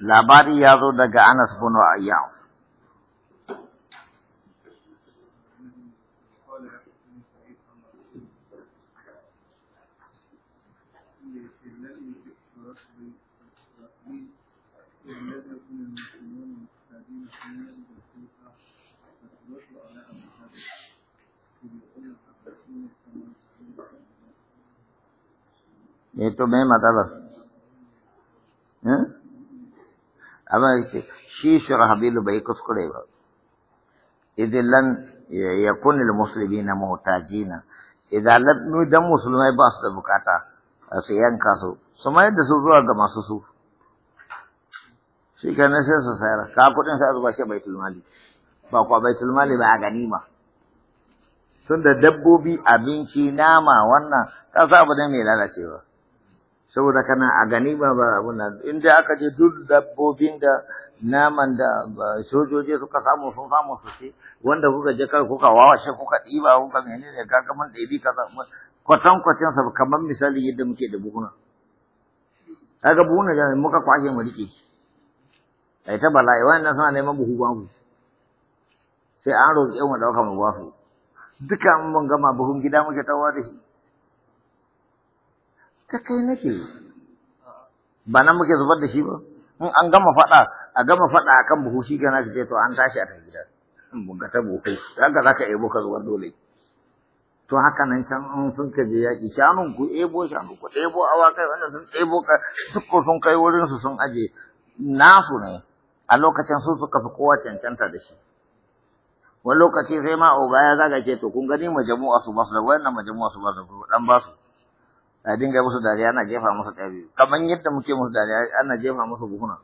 labari ya zo daga Anas bin Ayyam ये तो मैं मतलब amma yace shi shurahbilu bai kuskure ba idin lan yakun na muslimina jina idan musulmai ba su da bukata su yanka su su mayar da su zuwa ga masu su shi kenan sai su sayar ka kudin sai zuba shi baitul mali ba kwa baitul mali ba a ganima tun da dabbobi abinci nama wannan ka sa abu ne mai lalacewa saboda kana a gani ba ba abun inda aka je duk dabbobin da naman da sojoji suka samu sun samu su ce wanda kuka je kai kuka wawashe kuka ɗiba kuka mene ne da mun ka samu kwatan kwatan sa kamar misali yadda muke da buhuna kaga buhuna da muka kwashe mu rike ai ta bala'i wannan suna neman buhu babu sai an roƙe mu ɗauka mu bafu duka mun gama buhun gida muke tawa da shi ta kai nake ba nan muke zubar da shi ba in an gama faɗa a gama faɗa akan buhu shi kana ka to an tashi a ta gida ga ta buhu haka zaka ebo ka zuwa dole to haka nan can in sun ka je yaƙi shanun ku ebo shanu ku ebo awakai wanda sun ebo ka suko sun kai wurin su sun aje nasu ne a lokacin su suka fi kowa cancanta da shi wani lokaci sai ma oga ya zaga ce to kun gani majamu'a su basu da wayannan majamu'a su basu dan basu a dinga musu dariya ana jefa musu ɗari kamar yadda muke musu dariya ana jefa musu buhuna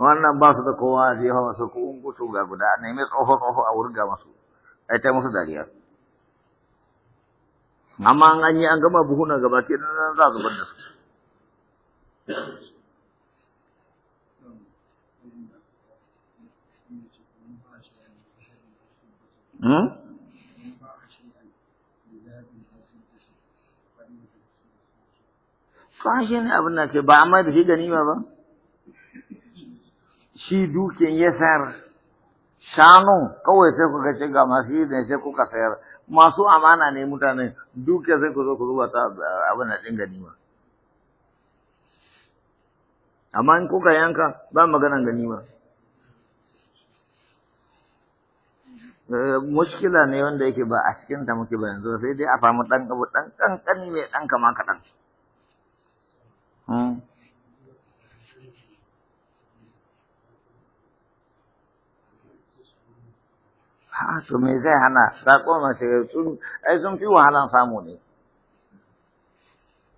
wannan ba su da kowa a jefa musu ko masu kungutu ga guda a nemi tsofa tsofa a wurga musu a ta musu dariya amma an an yi an gama buhuna gaba ke nan za a zubar da su Hmm? Kwan ne abin da ce ba a mai da shi ganima ba. Shi dukiyar ya sayar. Shanu kawai sai kuka ce ga masu yi sai kuka sayar. Masu amana ne mutane dukiyar sai ku zo ku zuba ta eh, abin da ɗin ganima. Amma in kuka yanka ba magana ganima. Eh, mushkila ne wanda yake ba a cikin ta muke ba yanzu sai dai a samu ɗan abu ɗan mai ɗan kama kaɗan. su me zai hana sako mace sun ai sun fi wahalan samu ne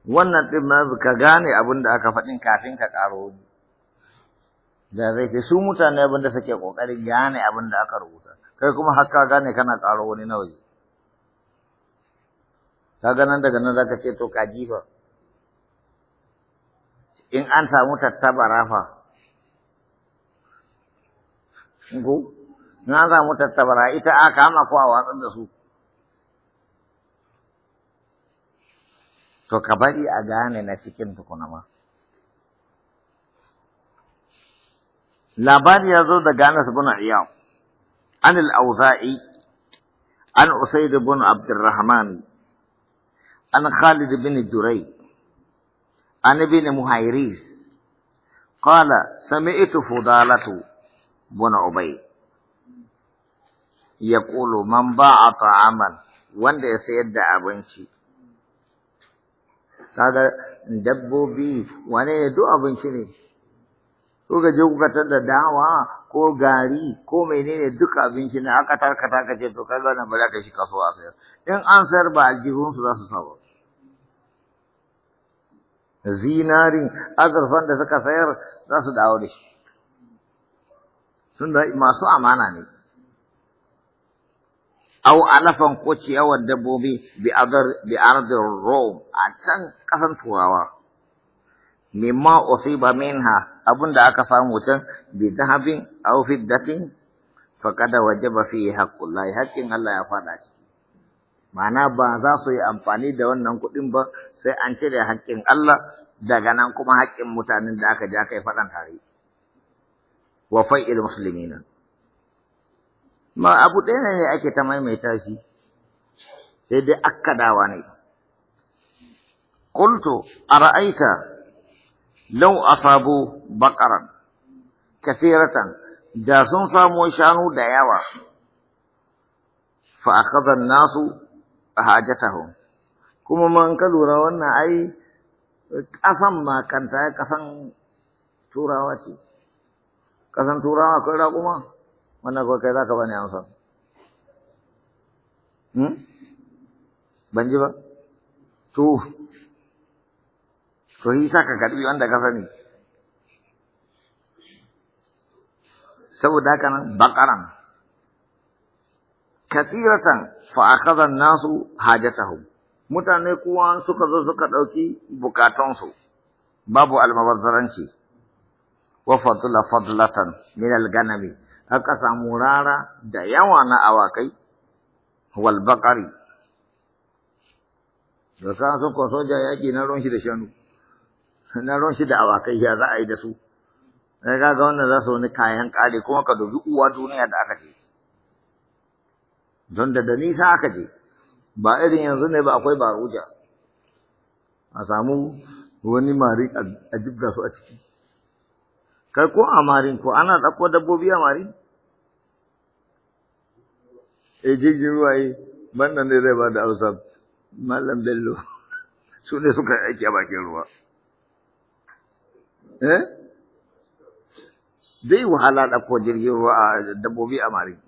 wannan din ma ka gane abin da aka faɗin kafin ka ƙaro da zai fi su mutane abin da suke ƙoƙarin gane abin da aka rubuta kai kuma har ka gane kana ƙaro wani na waje ka ganan daga nan zaka ce to ka jifa in an samu tattaba rafa na samu tattabara ita a kama ko a watsar da su to ka bari a gane na cikin tukuna ma labari ya zo daga Anas bin Iyaw an al awzai an Usayd bin al-Rahman an Khalid bin Duray an ibn Muhayris قال سمعت فضالة بن عبيد ya ƙulu man ba a ta'aman wanda ya sayar da abinci. Kaga dabbobi wane ya duk abinci ne, ko ga je kuka da dawa ko gari ko menene duk abinci ne aka tarkata ka ce to kaga wannan ba za ka shi kaso a sayar. In an sayar ba aljihunsu za su saba. Zinari azurfan da suka sayar za su dawo da shi. Sun da masu amana ne. au alafan ko ciyawar dabbobi bi adar bi Rome a can ƙasan Turawa mimma usiba minha da aka samu can bi dahabin aw fiddatin faqad wajaba fihi haqqullahi haqqin Allah ya fada ciki ma'ana ba za su yi amfani da wannan kuɗin ba sai an cire haƙƙin Allah daga nan kuma haƙƙin mutanen da aka je yi faɗan tare wa fa'il muslimina ma abu ɗaya ne ake ta maimaita shi sai dai akkadawa ne qultu ara'aita law asabu baqaran kathiratan da sun samu shanu da yawa fa akhadha an-nasu hajatahum kuma man ka lura wannan ai kasan ma kanta kasan turawa ce kasan turawa akwai raƙuma wannan kawai kai za ka bani amsa ban ji ba to to yi sa ka karbi wanda ka sani saboda haka nan bakaran kathiratan fa akhadha an-nasu hajatahum mutane kuwa suka zo suka dauki bukatunsu babu almabazzaranci wa fadla fadlatan min al-ganami aka samu rara da yawa na awakai wal bakari da sa sun ko soja yaki na ruwan shi da shanu na ruwan shi da awakai ya za a yi da su sai ka ga wannan za su wani kayan kare kuma ka dubi uwa duniya da aka ce don da da nisa aka je ba irin yanzu ne ba akwai baruja a samu wani mari a jibga su a ciki kai ko a ko ana ɗauko dabbobi a marin e eh, jirgin ruwa yi bannan ne zai ba da hausa malam bello su ne suka aiki a bakin ruwa eh zai wahala ɗauko jirgin ruwa a dabbobi a marin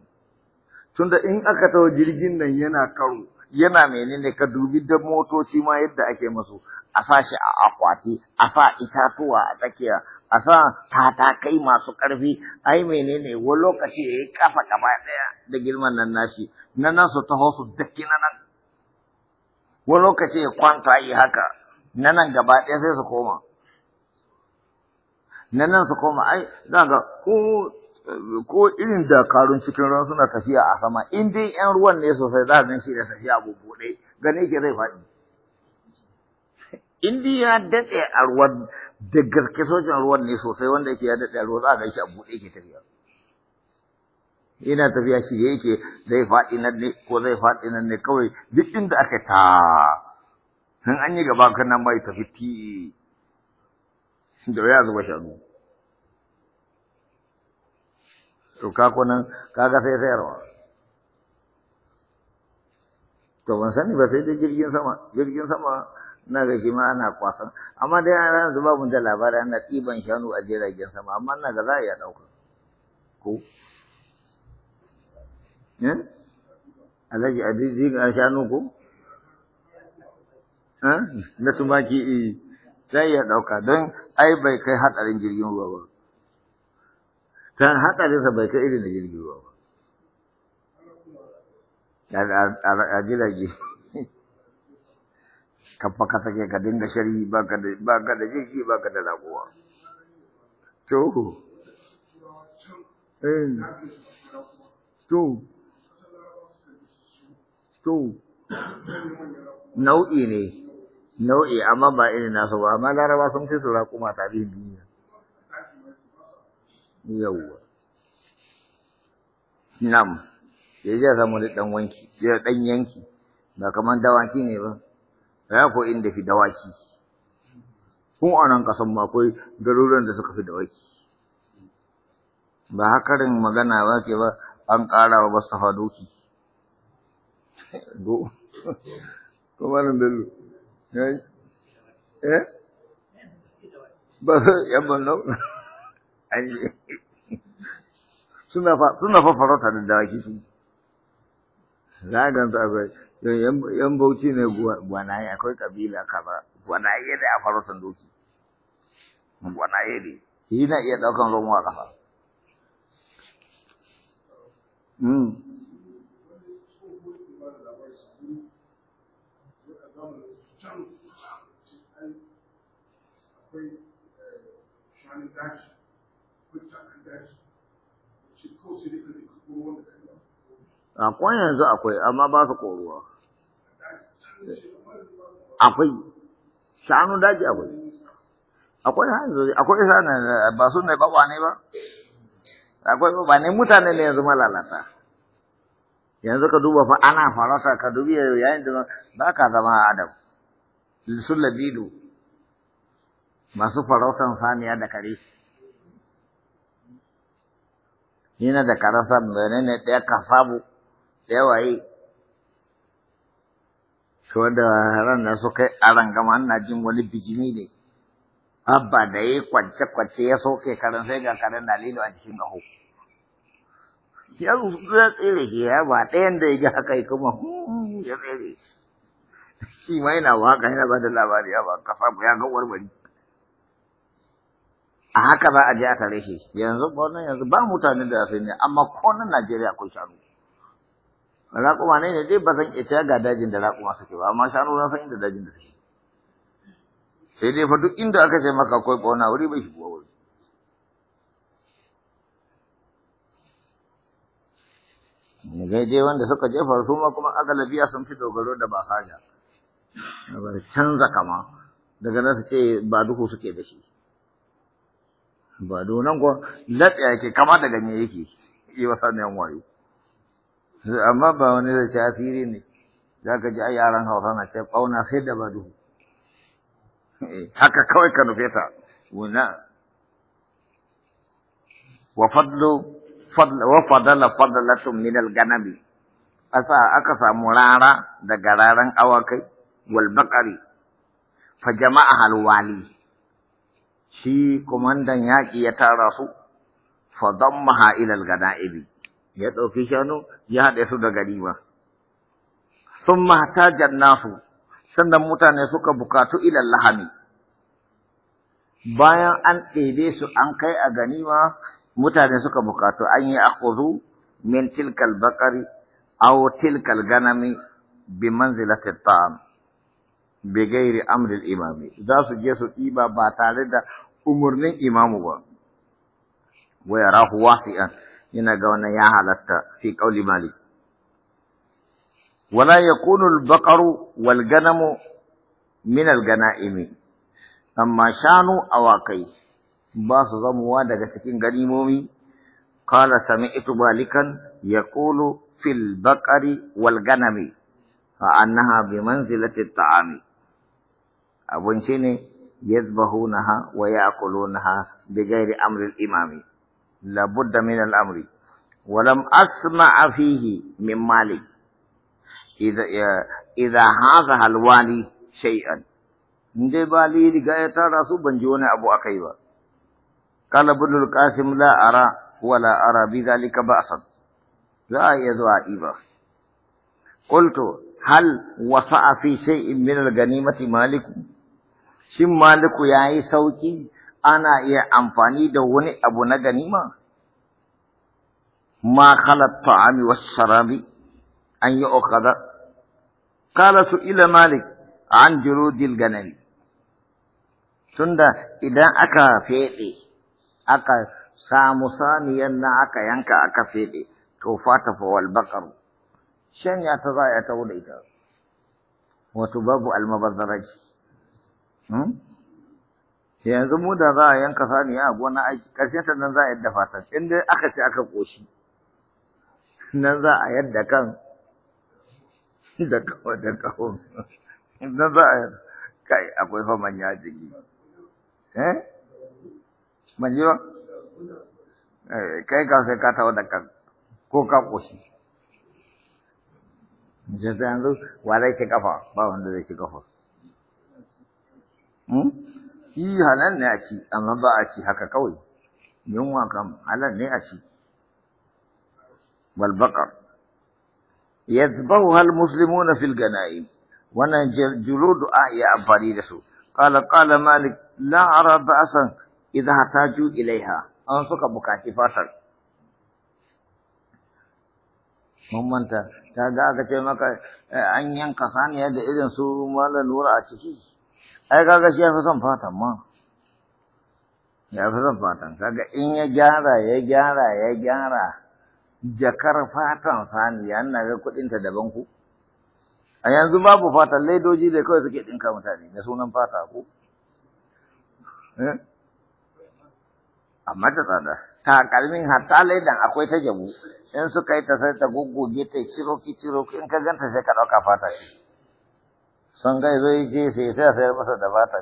tunda in aka tawo jirgin nan yana karo yana menene ka dubi da motoci ma yadda ake masu a sa shi a akwati a sa itatuwa a tsakiya a sa kai masu ƙarfi ai menene wani lokaci ya yi kafa gaba ɗaya da girman nan nashi na nan su taho su daki na nan wani lokaci ya kwanta yi haka na nan gaba ɗaya sai su koma na nan su koma ai za ga ko ko irin dakarun cikin ruwan suna tafiya a sama in dai yan ruwan ne sosai za a shi da tafiya bubbuɗe gane ke zai faɗi indiya dai a ruwan da gaske sojan ruwan ne sosai wanda yake ya daɗe ruwa za a gaishe a buɗe yake tafiya yana tafiya shi da yake zai faɗi nan ne ko zai faɗi nan ne kawai duk inda aka ta Sun an yi gaba kan nan mai tafi ti da ya zuba shanu to ka kunan kaga sai sayarwa to ban sani ba sai dai jirgin sama jirgin sama na ga shi ma ana kwasan amma dai ana ranar mun da labarai ana ɗiban shanu a jiragen sama amma na ga za a iya ɗauka ko eh? alhaji zai ga shanu ko eh? na tumaki eh za a iya ɗauka don ai bai kai hatsarin jirgin ruwa ba ta hatsarinsa bai kai irin da jirgin ruwa ba a jirage kafa ka take ka dinga shari ba ka da jirgi ba ka da raguwa to eh, to to nau'i ne nau'i amma ba irin nasu ba amma laraba sun fi su raƙuma tarihin duniya yawwa nam ya ji samu da ɗan wanki da ɗan yanki ba kamar dawaki ne ba ya ko inda fi dawaki kun anan kasan ma akwai garuruwan da suka fi dawaki ba hakarin magana ba ke ba an kara wa basu hadoki go kuma nan dallu eh ba ya yabban nau suna fa suna fa farauta da dawaki su zaga ta akwai yan bauchi ne gwanaye akwai kabila kaza gwanaye ne a farautan doki gwanaye ne shi na iya daukan romo a kafa hmm. Akwai yanzu akwai, amma ba su koruwa. akwai shanu daji akwai akwai hanzari akwai sana ba su ne ba ne ba akwai ba ne mutane ne yanzu malalata yanzu ka duba fa ana farasa ka dubi yayin da ba ka zama adam su labido masu farautan saniya da kare yana da karasa mene ne ɗaya ka sabu ɗaya waye to da ranar su kai aran gama ana jin wani bijimi ne abba da ya kwance kwance ya soke karen sai ga karen na lilo a cikin gaho ya zuwa tsere shi ya ba ɗayan da ya ga haka kuma hmm, ya tsere shi ma yana waka yana ba da labari ya ba kasa ya ga warwari a haka ba a je a tare shi yanzu ba mutane da su ne amma ko na Najeriya akwai shanu raƙuma ne ne dai ba zan iya ga dajin da raƙuma suke ba amma shanu na san inda dajin da suke sai dai fa duk inda aka ce maka akwai ƙona wuri bai shigo wuri je wanda suka jefa su ma kuma agalabiya sun fi dogaro da ba haja daga canza kama daga nan su ce ba duhu suke da shi ba nan ko latsa yake kama daga me yake yi wasa ne yan wayo amma ba wani da tasiri ne za ka ji a yaran hausa na ce ƙauna sai da ba duhu eh, haka kawai ka nufe ta wuna wa fadlu wa fadala fadalatun min al asa aka samu rara daga raran awakai wal baqari fa jama'a halwali shi komandan yaƙi ya tara su fa dammaha ila al-gana'ibi ya ɗauki shanu ya haɗe su da ganima sun mata jannafu. sannan mutane suka bukatu ilal lahami bayan an ɗebe su an kai a ganima mutane suka bukatu an yi akhuzu min tilkal bakari aw tilkal ganami bi manzilati ta'am bi amril imami za su je su ɗiba ba tare da umarnin imamu ba wa yarahu wasi'an ina ga wannan ya halatta fi qauli malik wala yakunu al-baqaru wal ganamu min al-ganaimi amma shanu awakai ba su zamuwa daga cikin ganimomi qala sami'tu balikan yaqulu fil baqari wal ganami fa annaha bi manzilati at-ta'ami abun shine yadhbahunaha wa ya'kulunaha bi ghairi amri al-imami لابد من الأمر ولم أسمع فيه من مالك إذا, إذا هذا الوالي شيئا ندي بالي لقاية رسول بنجون أبو اقيبا قال ابن القاسم لا أرى ولا أرى بذلك بأسا لا يدعى ايبا قلت هل وصع في شيء من الغنيمة مالك شم مالك ياي سوكي ana iya amfani da wani abu na ganima? ما خلا الطعام والشراب أن يؤخذ قال سئل مالك عن جلود الغنم تند إذا أكا فيقي أكا سامسانيا أكا ينكا أكا فيقي توفات والبقر شن يتضايا توليتا وتباب المبذرج yanzu mu da za a yanka saniya a gona aiki ƙarshen ta nan za a yadda fatan in dai aka ce aka ƙoshi nan za a yadda kan da kawo da kawo nan za a kai akwai fa manya jiki eh manjo eh, kai ka sai ka tawo da kan ko ka ƙoshi yanzu wa zai ci kafa ba wanda zai ci kafa hmm? shi halal ne a ci amma ba a ci haka kawai yunwa kam halal ne a ci wal baqar yadhbahuha al muslimuna fil ganaim wannan juludu a iya amfani da su qala qala malik la ara ba'san ta hataju ilaiha an suka bukaci fatar mummanta ta ga aka ce maka eh, an yanka saniya da irin su malalura a ciki ai kaga shi ya son fatan ma ya fi son fatan kaga in ya gyara ya gyara ya gyara jakar fatan ya na ga kudinta daban ku a yanzu babu fatan laidoji da kawai suke ɗinka mutane da sunan fata ko amma ta tsada takalmin hatta laidan akwai ta jabu in suka yi ta sai ta goggoge ta ciroki ciroki in ka ganta sai ka ɗauka fata ce sun kai zo je sai sai sayar masa da fata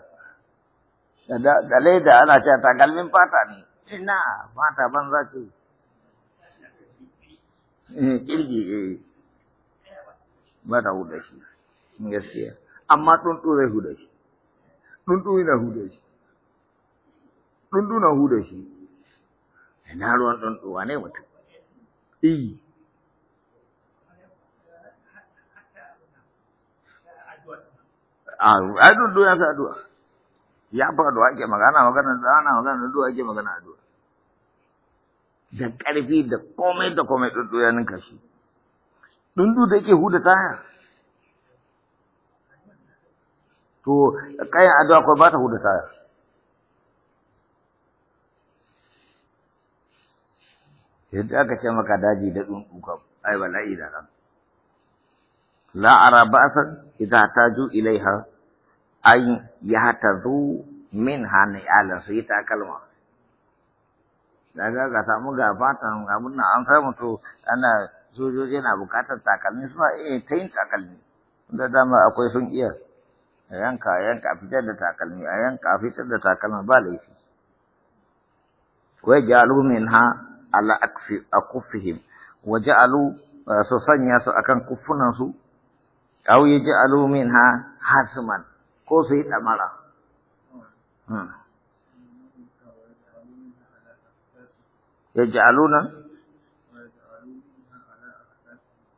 da laida ana cewa takalmin fata ne ina fata za ce kirgi yi ba ta huda shi gaskiya amma tuntu zai huda shi tuntu na huda shi tuntu na huda shi ina ruwan tuntu wane mutum eh a duk ya fi addu'a ya apa addu'a ake magana magana da makanan magana addu'a ake magana addu'a da ƙarfi da komai da komai dundu ya ninka shi dundu da yake huda taya to kayan addu'a ko ba ta huda taya yadda aka ce maka daji da dundu kam ai bala'i da لا أرى بأسا إذا احتاجوا إليها أي يهتدوا منها نعالا سيتا kalma. daga ga samu ga fatan abin nan an samu to ana sojoji na bukatar takalmi suna eh ta yin takalmi da dama akwai sun iya a yanka a yanka a fitar da takalmi a yanka a fitar da takalmi ba laifi wai ja'alu min ha ala akufihim wa ja'alu su sanya su akan kuffunan su أو يجعلوا منها حسما قوسي الأمرة يجعلون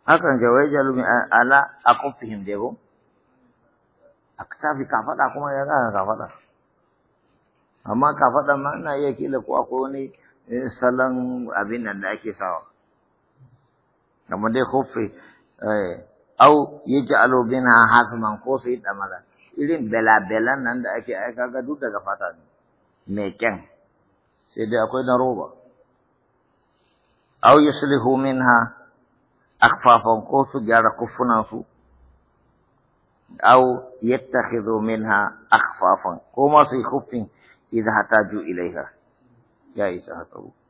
hakan ga wai jalumi ala akufihim dai ko aktafi kafada kuma ya ga kafada amma kafada ma ina iya kila ko akwai wani eh, salon abin nan da ake sawa kamar dai kofi eh au alobin ha hasman ko su yi damara irin belabelan nan da ake aika ga duk daga fata ne mai kyan sai dai akwai na roba au yuslihu minha akfafan ko su gyara kufunan su au yattakhidhu ha akfafan ko masu yi kufin idza hataju ilaiha ya isa hakabu